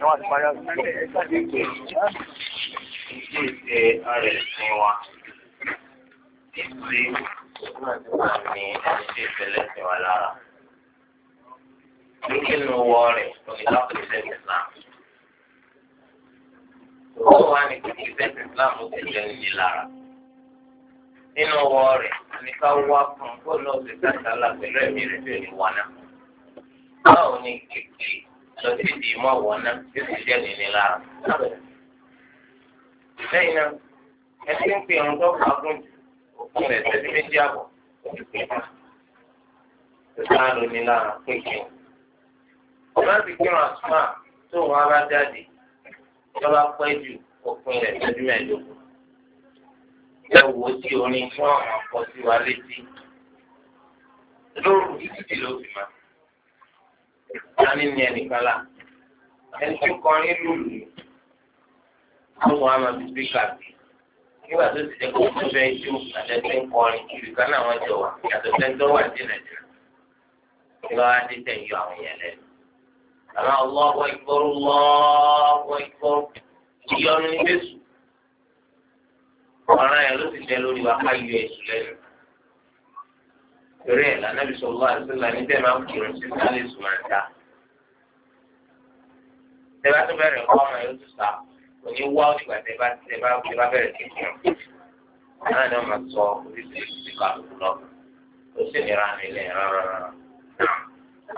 ni wọ́n ti parí ọ̀sán ìgbésẹ̀ ìgbésẹ̀ ọ̀rẹ́ ìsìn wa nítorí náà ní ẹ̀ṣẹ̀ ìfẹ́lẹ́ sí wa lára. nínú wọ rẹ̀ ìlọ́pẹ̀sẹ̀ Islam. ó wà ní pípẹ́ Islam ó ti jẹ́ ní lára. nínú wọ rẹ̀ ní ká wá fún bọ́ọ̀lù ọ̀sẹ̀ sáṣà lápẹ̀lú ẹ̀mí rẹ̀ tó ní wọnà. báwo ni kékeré lọ sí ìdí mọ́ ọ̀wọ́ náà yóò sì jẹ́ nìyí lára. lẹ́yìn náà ẹ ti ń pè ọ̀hún tó fà á gùn òkun rẹ̀ tẹ́tí méjì àbọ̀ ojú pé má. ó sáà lò ní lára pé kí n. ọ̀gá ti kírun àtúmọ̀ tó wọn bá jáde ìjọba pẹ́ ju òkun rẹ̀ tẹ́tí mẹ́ẹ̀ẹ́dógún. ẹ wò ó sí orin fún àwọn akọ sí wa létí. lóru títí ló fi máa. láàrin ní ẹnìkan là ẹni tó kọrin lùlù àwọn nígbà tó ti jẹ kó tó fẹ́ ju àtẹ̀tẹ̀ ń kọrin náà wọ́n jọ wà àtẹ̀tẹ̀ ń dọ́wà sí nàìjíríà lọ́ adẹ́tẹ̀ yọ àwọn yẹn ìyọnu ní yẹn ló torí ẹ̀ lànàbí sọ̀rọ̀ àdúrà ní bẹ́ẹ̀ máa ń kírun sí sálẹ̀ sùmọ̀ǹta. tẹ́lá tó bẹ̀rẹ̀ kọ́ ọmọ yóò tún sá òní wá òdìgbà tẹ́lá tẹ́lá tẹ́lá bẹ̀rẹ̀ sí kírun. náà ni wọ́n máa sọ oríṣiríṣi kàlùkù lọ ó sì nira ní ilẹ̀ rárá.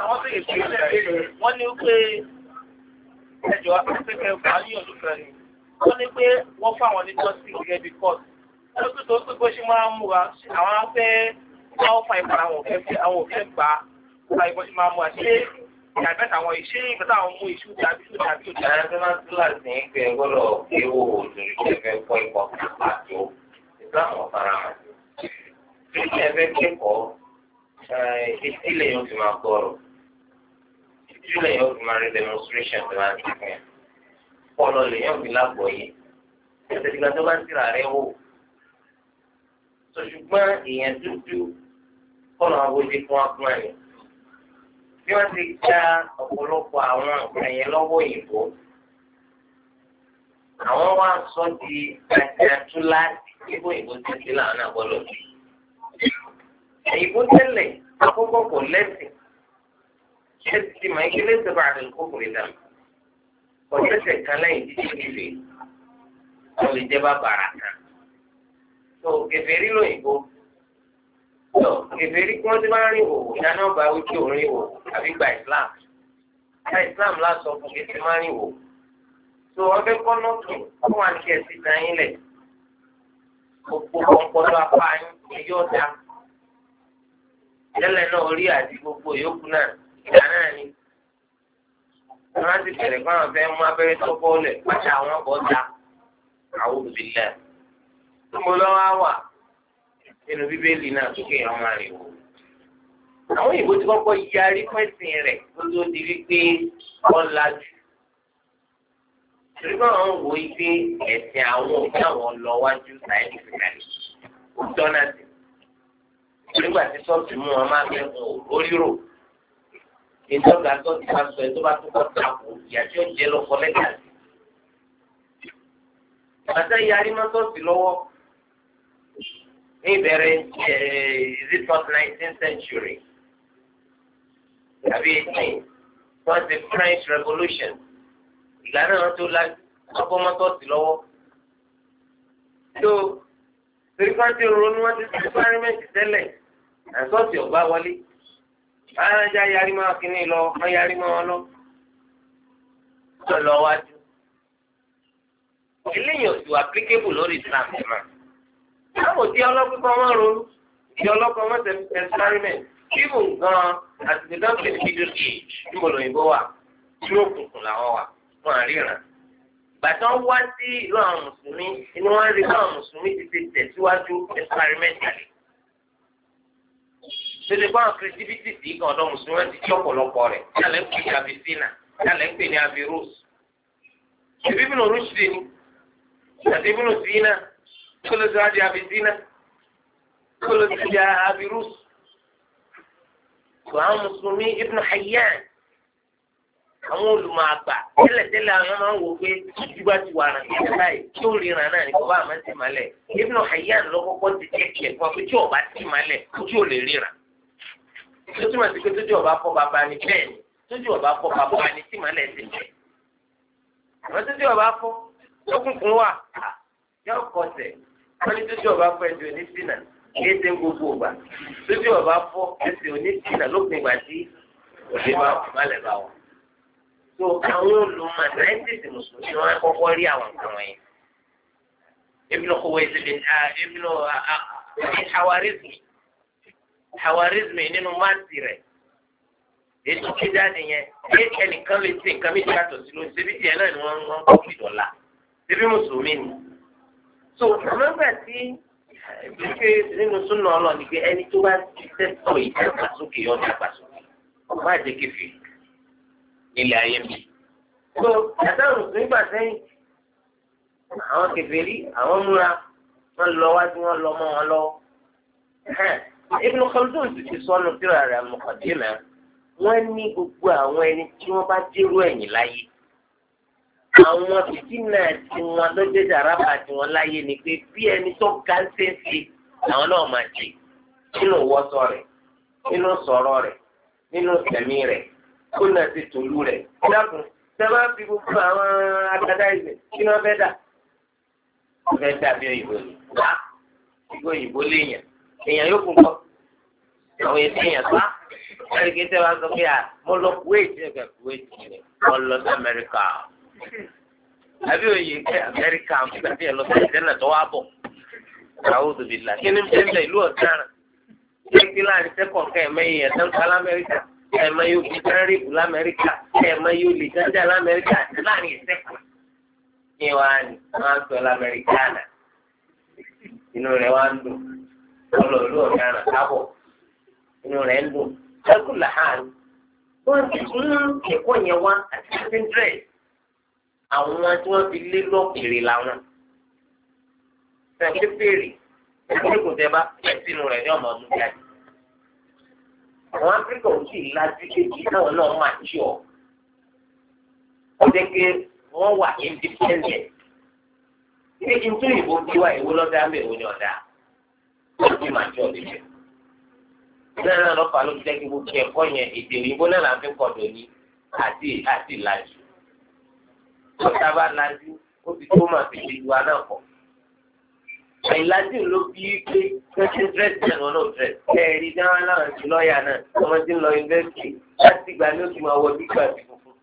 àwọn tó yẹ kí wọ́n ní pé ẹjọ́ afẹ́fẹ́ fàáyàn ló fẹ́ ni wọ́n ní pé wọ́n fáwọn ní tọ́sí gẹ́gẹ́ bí kọ́ọ̀tù. ẹlòmíràn tó ń pè pé ṣé máa ń múra àwọn afẹ́ wọ́n fa ìpàdà àwọn òfẹ́ fi àwọn òfẹ́ gbà á ìbọn ti máa mú àṣẹ ìyàgbẹ́ta àwọn ìṣe ìgbẹ́ta àwọn mú iṣu tàbí tó tàbí tó tàbí. ẹ̀rọ máa ń tún láti ní pé gbọ́dọ̀ pé owó òṣèlú ṣe fẹ́ kọ́ ìpọ̀ pàtó ìgbàmọ̀ fara hàn. bí ẹ fẹ́ kẹ́kọ̀ọ́ ìdílé yóò fi máa gbọ́rọ̀ ìdílé yóò fi máa ẹ̀sẹ̀ ìgbà tó bá ń tìrà rẹ̀ wò ṣùgbọ́n èèyàn dúdú kọ́nà àwòdì fún agbọ́n ẹ̀. bí wọ́n ti gba ọ̀pọ̀lọpọ̀ àwọn nǹkan yẹn lọ́wọ́ òyìnbó àwọn wá sọ di gbàgbàtú láti kíkó òyìnbó ti di làwọn náà gbọ́dọ̀ bí. òyìnbó tẹ́lẹ̀ àkọ́kọ́ kò lẹ́sìn ṣé ti mọ̀ ike lẹ́sẹ̀ bá àdùn kókòrè dà kò lẹ́sẹ̀ kan lẹ́yìn títí nílé wọ́n lè jẹ́ bàbàrà kan. So, kèfèrí lóyìnbó tó kèfèrí kí wọ́n ti máa rìn wò ìdáná bá wí pé òun rìn wò àbí gba Islam gba Islam lásọ fún kèfèrí máa rìn wò tó ọbẹ̀ kọ́ nọ́ọ̀kì ó wà ní kẹ̀sì dání lẹ̀ gbogbo ọpọlọ apá yín yóò dá tẹ́lẹ̀ náà orí àti gbogbo yòókù náà ìdá náà ni wọ́n ti bẹ̀rẹ̀ fún àwọn fẹ́ mú abẹ́rẹ́ tó bọ́ọ̀lẹ̀ pàṣẹ àwọn ọkọ̀ dá àwọn olùbílẹ̀ níbo lọ́wọ́ á wà nínú bíbélì náà tó kéèyàn máa rìn wò. àwọn òyìnbó ti kọ́kọ́ yarí pẹ́sìn rẹ̀ tó tó di wípé wọ́n lajú. torí báwọn ń wo ipe ẹ̀sìn àwọn òbí àwọn lọ wájú sáyẹ́nìfìkàlì ó tọ́nà sí. nígbà tí sọ́ọ̀tì mú wọn máa fẹ́ fún orírò. ìjọba tó ti máa sọ ẹ tó bá tó kọ́ tako ìyá tí ó jẹ́ lọ́kọ́ lẹ́gàsì. bàtà yarí mọ́tọ́ọ̀sì lọ́wọ́ ní ìbẹ̀rẹ̀ eh, is it not nineteenth century tàbí eighteen wọ́n ti French revolution ìgbà náà wọ́n tó la ọgbọ́mọ́tọ́sí lọ́wọ́ tó torí kan ti ronú wọ́n ti ti párẹ́mẹ́ǹtì tẹ́lẹ̀ àtọ́sí ọ̀gbá wọlé alájà yarí máa kíní lọ wọ́n yarí máa lọ lọ́wọ́ wájú eléyìí ò sí applicable lórí Islam ẹ̀ máa kò tí ọlọ́pẹ́ kan máa ronú tí ọlọ́pẹ́ wọn ṣe experiment kíbù gan àti dọ́kítà ní middle age ní mo lòyìnbó wà tí òkùnkùn làwọn wà wọn àríran gbàtà wọn wá sí ìlú àwọn mùsùlùmí inú wọn rí àwọn mùsùlùmí ti ti tẹ̀síwájú experimentally tẹlẹ bá àwọn creativity tí kan ọ̀dọ́ mùsùlùmí ti tí ọ̀pọ̀lọpọ̀ rẹ̀ yálẹ ń pè ní abisina yálẹ ń pè ní abirus ìbí bí lòun ṣe ni àti bí lòun ti náà. كل ló ti wá كل abidina tó ló ti di abirus tó àwọn mùsùlùmí ibn hayyan àwọn olùmọ̀ àgbà tẹ́lẹ̀tẹ́lẹ̀ àwọn máa ń wò pé ojú bá ti wà ràn yín báyìí tí ó ríran náà ní bàbá àmọ́ ti malẹ̀ ibn hayyan ló kọ́kọ́ ti jẹ́ kí ẹ̀ fún wa pé tí ọba ti malẹ̀ ojú ò lè ríran tó túmọ̀ sí pé tójú ọba kọ́ bàbá ni bẹ́ẹ̀ ni tójú ọba kọ́ bàbá ni tí malẹ̀ ti jẹ́ àwọn tójú ọba kọ́ lókùnkùn wà yóò kọsẹ̀ wọ́n ní tójú ọba fọ ẹsẹ̀ onísìnà kìí ṣe gbogbo ọba tójú ọba fọ ẹsẹ̀ onísìnà lópin ìgbà tí òde bá wà má lẹ̀ bá wà. tó àwọn olùmọ̀ náírítì mùsùlùmí wọn kọ́kọ́ rí àwọn nǹkan wọ̀nyí. ebi lọ kọwé ẹsẹ̀ ebi lọ hawarizmi hawarizmi nínú máàtì rẹ̀ ètò kíjà nìyẹn ẹ ẹnìkan lè ṣe nǹkan méjì yàtọ̀ sí lóṣèlú tiẹ̀ náà ni wọ́n ń kọ́ so àmọ́ gbà tí eh, wípé nínú súnà ọlọ́ọ̀ ni pé ẹni tó bá ti tẹ́tọ̀ ìdàgbàsókè yọ ìdàgbàsókè ọba àjẹkẹfẹ nílẹ̀ ayé mi. so àtàwọn nígbà sẹ́yìn àwọn kèfèrí àwọn múra wọn lọ wájú wọn lọ mọ́ wọn lọ́wọ́. Ibn Khaldun ti ti sọnù síra rẹ̀ mọ̀kàdé náà wọ́n ní gbogbo àwọn ẹni tí wọ́n bá dérú ẹ̀yìn láyé àwọn fìtínà tiwọn lọ́jọ́ ìdáraba tiwọn láyé ni pé bí ẹni tó ga ń ṣe ń ṣe àwọn náà máa jẹ nínú wọ́sọ rẹ̀ nínú sọ̀rọ̀ rẹ̀ nínú sẹ̀mí rẹ̀ kó náà ti tòlú rẹ̀ dákun sábà fi gbogbo àwọn adádáìsẹ̀ kí wọ́n fẹ́ dà wọ́n fẹ́ dà bí òyìnbó ni wá ìgbó òyìnbó léèyàn èèyàn yóò kún kọ́ àwọn èsì èèyàn sá ẹ̀ríkì tẹ́ wá sọ pé à mo lọ kuwait ẹ̀ka kuwait mo lọ sí amẹ́ríkà àbí òye ẹ amẹ́ríkà nígbà tí ẹ lọ sí ìdẹ́nà tó wá bọ̀ àwọn òdòdìlà kí ni bẹ́ẹ̀ ìlú ọ̀daràn kí láàrin sẹ́kọ̀ọ́ kẹ́ ẹ̀ mẹ́yìn ẹ̀sán ká lamẹ́ríkà kẹ́ ẹ̀ mẹ́yìn òbí tẹ́rẹ́rìbù lamẹ́ríkà kẹ́ ẹ̀ mẹ́yìn olè jájá lamẹ́ríkà àti láàrin ìsẹ́kọ̀ọ́ kí wàá ní wọ́n á sọ lamẹ́ríkà náà inú rẹ̀ wá ń dùn ọlọ́ ìlú ọ̀daràn kábọ̀ inú rẹ̀ ń dùn ẹkùn làhán wọ́n ti mú ẹ̀kọ́ yẹn wá àti àwọn tí wọ́n fi lé lọ́kèrè làwọn. sẹ́ńkì béèrè ìdílé kò tẹ́ bá ẹ̀ sínú rẹ̀ ní ọmọ ọdún jáde. àwọn áfíríkà ò sì lajú kejì táwọn náà máa tí ọ. ó jẹ́ pé wọ́n wà independent. ilé ìtú ìbò bí wá ìwé lọ́dọ̀ àmì ìwé ni ọ̀dà. ó ti máa tí ọ níbẹ̀. náà lọ́pàá ló ti jẹ́ kí gbogbo ẹ̀kọ́ yẹn èdè òyìnbó náà láti kọ̀ dòní àti àti lajú lọ́tà bá lajú ó ti tó máa fi lè wà náà pọ̀. àìlájú ló bí pé twenty dírẹ́sì ẹ̀ lọ́nà dírẹ́sì. kẹ́ẹ̀rí dáhùn aláwọ̀ ti lọ́ọ̀yà náà ọmọ tí ń lọ yunifásitì láti ìgbà ní oṣù máa wọ dúkìá ti funfun.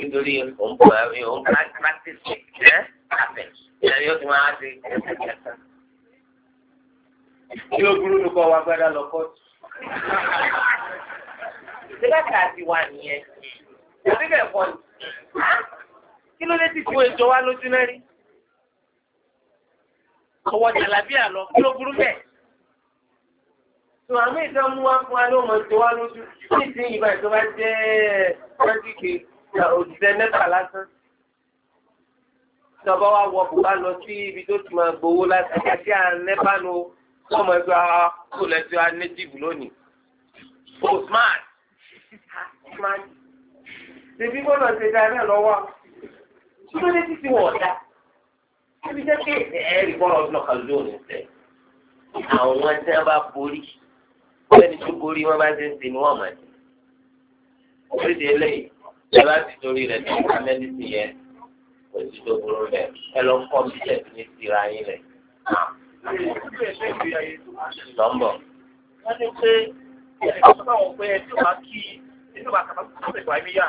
nítorí òun practice ẹ̀ àfẹ́ ìlànà yóò ti máa ṣe ẹ̀ṣẹ̀ kẹta. kí ló burú ló kọ́ wa gbádá lọ kọ́ọ̀tù sílẹ̀kà ti wà nìyẹn. Àbí bẹ́ẹ̀ kọ́ ni kí ló dé tí kò èso wa lójú náà rí ọwọ́ jàlábíà lọ kí ló burú bẹ́ẹ̀ tó àmì ìtàn mú wa fún wa ló mọ èso wa lójú ní ìsìn ìgbà ìjọba jẹ́ pẹ́ńtìkì òṣìṣẹ́ mẹ́fà lásán tọba wa wọ bùbá lọ sí ibi tó ti máa gbowó láti àti ànẹ́bánu ọmọ ẹgbẹ́ wa lẹ́sìn wa lónìí. Osman. Osman ṣèbí gbọ́dọ̀ ṣe dá náà lọ́wọ́ kí ló dé títí wọ̀ ọ̀dà ẹbí jẹ́ pé ẹ̀rí bọ́ọ̀lù ọdún ọ̀kan ló ń tẹ̀ àwọn tí wọ́n bá borí ẹni tó borí wọn bá ṣe ń sin wọn mọ̀ ní. oríṣi eléyìí ẹ bá ti torí rẹ̀ tó ká mẹ́lísì yẹn kò sí tó burú rẹ̀ ẹ lọ kọ́ bí ẹ̀ ní tira yín rẹ̀. lọ́mbọ̀. wọ́n ní pé ẹ̀ka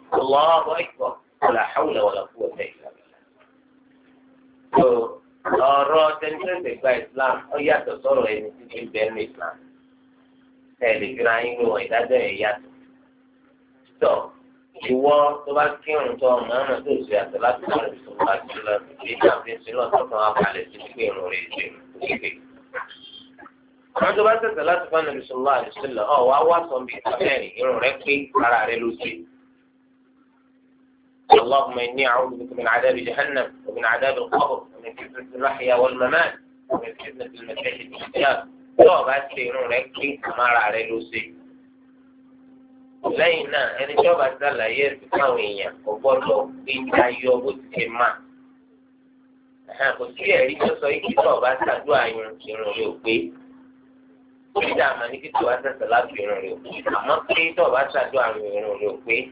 الله أكبر ولا حول ولا قوة إلا بالله ọ̀rọ̀ tẹnifẹsẹ gba islam ó yàtọ̀ sọ̀rọ̀ ẹni tí kì í bẹ ní islam ẹni fira yín ló wọn ìdájọ́ yẹn yàtọ̀ tọ ìwọ tó bá kírun tó ọmọ ọmọ tó ṣe àtọ láti lọ sí ọmọ àti lọ sí ìjà fi ṣe lọ sọ́kàn abalẹ sí pé irun rẹ̀ ṣe kéde. àwọn tó bá tẹsẹ̀ láti fún ẹni sọlá àdìsílẹ̀ ọ̀ wá wá sọ̀nbi ìtàbẹ̀rẹ̀ irun rẹ̀ pé ara rẹ̀ ló ṣe. اللهم إني أعوذ بك من عذاب جهنم ومن عذاب القبر ومن فتنة الرحية والممات ومن فتنة المشايخ الاشتياق تو بعد شيء نو نكي ما را علي لوسي لينا ان يعني تو بعد ذا لا يير تاوينيا وبورلو بين تايو بوتيما ها بوتي اي تو يعني سوي كي تو بعد ذا دو اي نو شيرو لو بي بيدا ما نيكي تو بعد ذا لا شيرو لو اما كي تو بعد ذا دو اي نو لو بي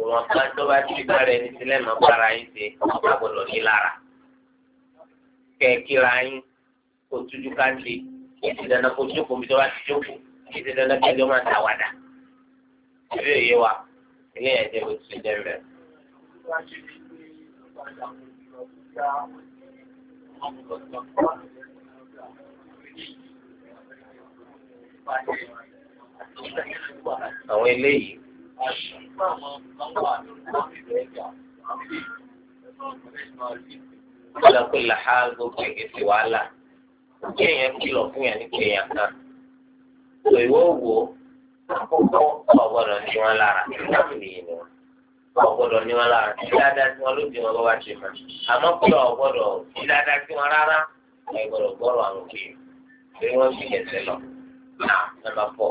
ìwọ̀n ká tó bá ti bá rẹ̀ ní sílẹ̀ máa bára yín ṣe ọ̀pá gbọ́dọ̀ ní lára. kẹ̀kíra yín kò tújú ká ṣe èsì dandan kò jókòó mi tó bá ti jókòó èsì dandan kẹjọ máa tàwádà. ìbí òye wa ilé yẹn jẹ́ ti ṣe jẹ́ àwọn eléyìí a shi ba ma lọ́wọ́ àti ìgbàlódé ìgbàlódé ìgbàlódé. Ọ̀la pé làhá gbogbo èké ti wàhálà. Kí èèyàn kìlọ̀ fún yàn ní kéèyàn kan. Sọ ìwé òwò àkọ́kọ́ ọ̀gbọ́dọ̀ ní wọn lára láti lè yìn wọn. Ọ̀gbọ́dọ̀ ní wọn lára tí dáadáa tí wọn ló di wọn bá wá ṣe mọ́. Àmọ́ pé ọ̀gbọ́dọ̀ tí dáadáa tí wọn rárá ẹ̀gbọ́dọ̀ gbọ́rọ̀ àwọn òbí. Ṣé wọ́n fi ẹ̀sẹ̀ lọ? Náà, nàbà pọ̀.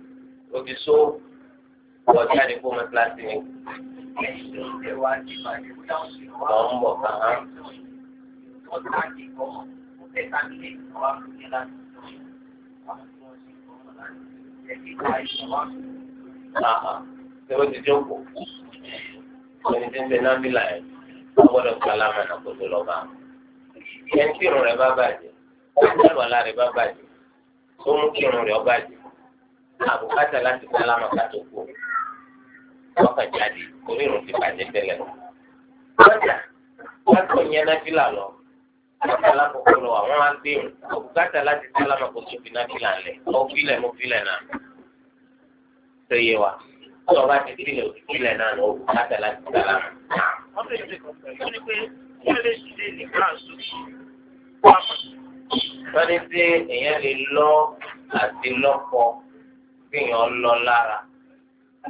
òbí so ọjà ní kó mọ kíláàsì ni. lọ ń bọ̀ kàn án. ṣé o ti jókòó? ẹni tí ń bẹ náà nílà ẹ̀ gbọ́dọ̀ kálámà náà kó tó lọ bá a. ẹni tí irun rẹ̀ bá bàjẹ́ ẹni tí àlọ́ àlá rẹ̀ bá bàjẹ́ tó mú kí irun rẹ̀ ọ bàjẹ́ àbùkátà láti sálámà kátó kú ọkàn jáde onírun ti bàjẹ́ tẹ́lẹ̀. lọ́jà látọ̀ yẹn náfìlà lọ láti alákòókò lọ àwọn agbèrò àbùkátà láti sálámà kó tó fi náfìlà lẹ̀ ọ̀fìlẹ̀ mú filẹ̀ náà tó yé wa ọ̀rọ̀ bá ti filẹ̀ òfìlẹ̀ náà lọ àbùkátà láti sálámà. wọ́n fẹ́ẹ́ ṣe kọ́ ní pé wọ́n lè ṣe lè lọ kéèyàn lọ lára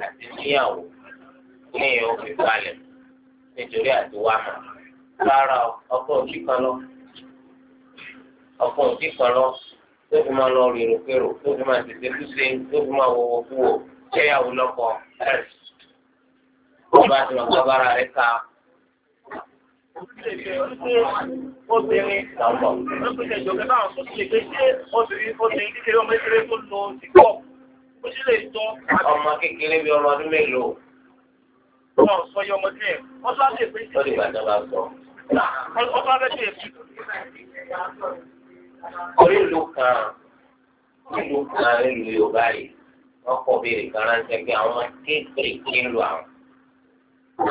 àti níyàwó kéèyàn ó fi balẹ̀ nítorí àti wá mọ̀ rárá ọkọ̀ òjì kan lọ ọkọ̀ òjì kan lọ tó fi máa lọ rèrò kérò tó fi máa tètè túnṣe tó fi máa wọwọ kú wò kéyàwó lọ́kọ ẹ̀rì tó bá ti máa gbábára rẹ̀ ká. Obìnrin ló pèsè ìjọba àwọn tó ti lè pé ṣé obìnrin obìnrin kékeré ọmọ ìṣeré tó lo ìkọ́ọ̀kù ó sì lè tọ́. ọmọ kékeré bíi ọmọ ọdún mélòó. wọn ò sọ yọ ọmọ tí ẹ wọn sọ àti èpè. ó lè bàjẹ́ bá sọ. wọn sọ àti èpè. orí ìlú kan ìlú kan ìlú Yorùbá yìí wọn kọ béèrè kan ránṣẹ́ pé àwọn kéékèèké ń lo àwọn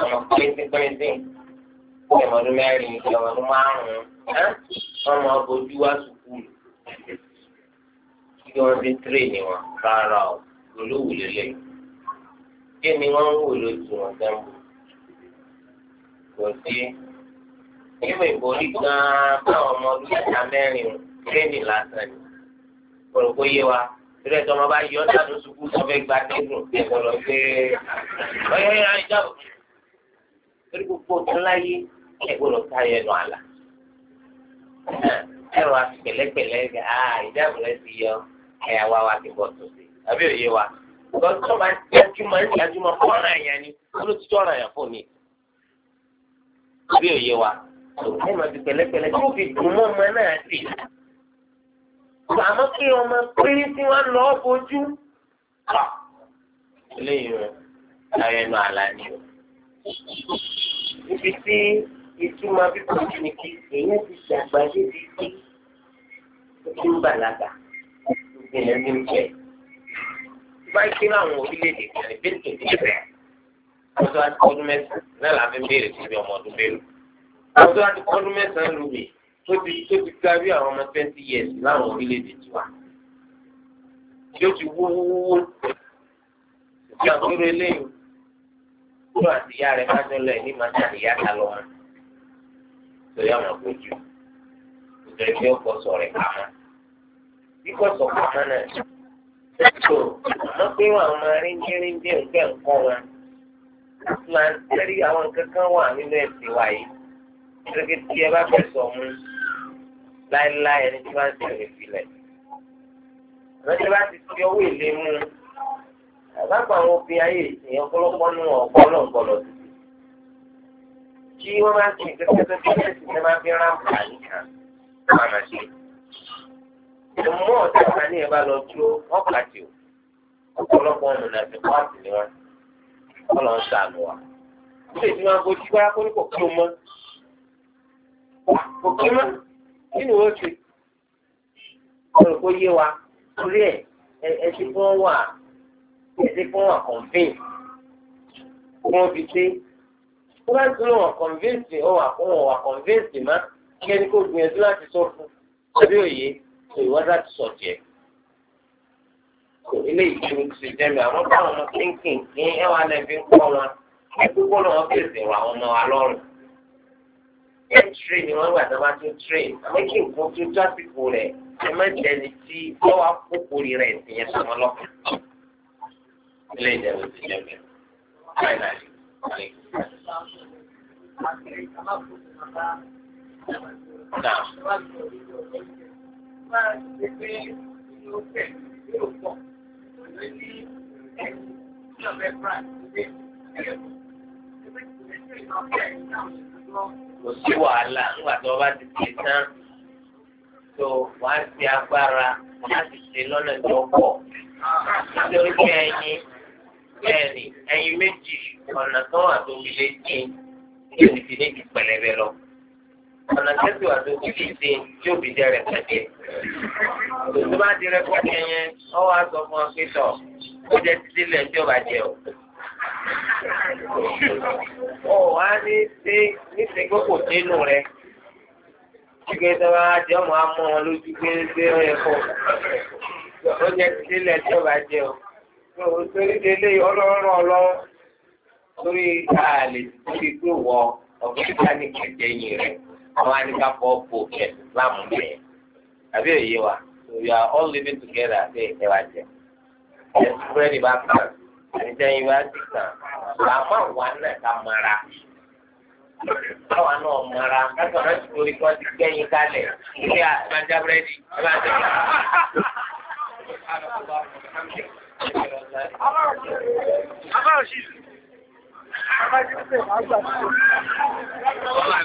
àwọn pẹ́ńtípẹ́ńtí ọmọ mẹ́rin ọmọ márùn-ún ọmọ ọgbọ̀jú wá sùkúlù tí wọ́n fi tírèèni wọn rárá o olówó lélẹ̀ kí ni wọ́n ń wò lójú wọn dánwò kò sí nígbà ìbòrí gan-an báwọn ọmọ ọdún mẹ́ta mẹ́rin tírèèni lásán ni kòròkó yé wa tírẹ̀ tí ọmọ bá yọ dànù sukú sọfẹ́ gba tẹ́gùn ẹ̀kọ́ lọ pé ọyọ yẹn ajá o torí gbogbo òtún láyé ẹ̀kọ́ lọ ká yẹn àlà ẹ̀rọ àti pẹ̀lẹ́pẹ̀lẹ́ ẹ̀ ẹ̀yà wa wa ti bọ̀ tó sí àbí òye wa lọ́dún tó máa ń tẹ́jú máa ń tẹ́jú máa fọ́ ọ̀ràn ẹ̀yà ni olú ti tọ́ ọ̀ràn ẹ̀yà fún mi àbí òye wa ẹ̀ máa fi pẹ̀lẹ́pẹ̀lẹ́ tó fi dùn mọ́ ọmọ náà sí àmọ́ kí ọmọ péré tí wọ́n lọ bójú kà lẹ́yìn ayé ẹnu àlá ni o ibi tí ìtumọ̀ bí kò kí èyí ti ṣàgbá débi tí ó ti ń bàlágà ìpinnu ní ìjẹ́ báyìí kí láwọn orílẹ̀-èdè kan ní bí tòun ti bẹ̀rẹ̀ àwọn tó wá ti kọ́dún mẹ́sàn-án náà la fi ń béèrè síbi ọmọ ọdún mélòó àwọn tó wá ti kọ́dún mẹ́sàn-án lù mí tó ti tó ti kárí àwọn ọmọ twenty years láwọn orílẹ̀-èdè tiwa tí ó ti wó wó wó ìjà tó rẹ lẹ́yìn kúrò àti ìyá rẹ̀ máa dọ́lọ̀ ẹ̀ ní màá ní àyà ta lọ́wọ́ torí àwọn àgbójú ìjọba ìfẹ́ ọkọ̀ sọ̀rọ̀ ẹ̀ pamọ́ bí kò sọ fún ọmọ náà tó àmọ́ pé wọn àwọn arínjẹrin bí nǹkan nǹkan wọn máa ń tẹ́rí àwọn kankan wà nínú ẹ̀sìn wa yìí gẹ́gẹ́ tí ẹ bá fẹ́ sọ mú láéláé ẹni tí wọ́n ti rìn sílẹ̀ àmọ́ tí wọ́n ti fi owó èlé mú àbápa àwọn obìnrin ayé ìsìn ọ̀pọ̀lọpọ̀ nù ọ̀pọ̀lọ̀ ọ̀pọ̀lọ̀ títí tí bá ti ìgbésẹ̀ tó ti fẹ́ sí ẹ máa fi rán àǹfààní kan máa máa ṣe ìmú ọ̀tá ìsàní ẹ̀ bá lọ dúró wọ́n o ọ̀pọ̀lọpọ̀ ọ̀nà nàbí pàtì ni wọ́n ọlọ́ ń sànù wa. ilé tí wọ́n bójú wá kó ní kò kí o mọ́ kò kí mọ́ kí ni wọ́n ti ọ̀rọ̀ kó yé wa torí ẹ̀ ẹ ti fún wa ẹ ti fún wa kọ̀ǹfìn kó wọ́n fi ṣe kó bá tún wọn kọ̀ǹfìn sí ọ wà fún wọn wà kọ̀ǹfìn sí má kí ẹni kó gbìyànjú láti sọ fún ọdún òye tó ìwádà ti sọ jẹ kò ilé ìdúró ti jẹmi àwọn táwọn ọmọ kínkìn ní ẹwà náà fi ń kọ wọn ẹgbẹgbọ náà wọn fèsì wà àwọn ọmọ wa lọ́rùn ẹ ń ni wọn gbà tó bá tó tirè àmọ́ kí nǹkan tó dásìkò rẹ ẹ má jẹni tí lọ́wọ́ àkókò rẹ ẹsìn yẹn sọmọ lọkàn ilé ìdẹrù ti jẹmi finally. Now máa ń ṣe pé inú tẹ̀ yóò pọ̀ pẹ̀lú ní ẹ̀yìn tí ọ̀bẹ bra ṣe ẹ̀yẹ̀kọ̀. Kò sí wàhálà nígbà tó bá ti ṣe tán tó wàá ti agbára láti ṣe lọ́nà tó pọ̀. Nítorí pé ẹyin bẹ́ẹ̀ni ẹyin méjì ọ̀nà kan wà tó fi lé dín ní òní fi ní ìpẹ̀lẹ́bẹ̀ lọ ọ̀nà tẹ́sí wà tó kí bíi ṣe yóò bí jẹ́ rẹ̀ pẹ̀lẹ́. tó bá di rẹ̀ pẹ̀lẹ́ yẹn ọ wá sọ fún ọ pé tọ̀ ó jẹ́ títí lẹ̀ tí ó bá jẹ o. ọ wá ní ṣe níṣẹ́ pé kò dénú rẹ̀ kíkẹ́ tó bá jẹ́ ọmọ amọ́ wọn lójú pé ṣé ó yẹ kó ó jẹ́ títí lẹ̀ tí ó bá jẹ o. torí délé ọlọ́run ọlọ́run torí àlè tó fi gbé wọ ọ̀gbìn ní kẹ̀kẹ́ yìí rẹ̀ àwọn anìkàkọ bò kẹ islam bẹ àbí òye wa we are all living together ṣe ẹwà jẹ ẹsùpẹ́rẹ́ ní bá kàn ànìjẹyìn bá ti kàn làmú àwa náà ká mara báwa náà mara kákan náà ti torí kí ti gbẹ́yìn kálẹ̀ ilé àgbájá búrẹ́dì ẹ bá ti kàn.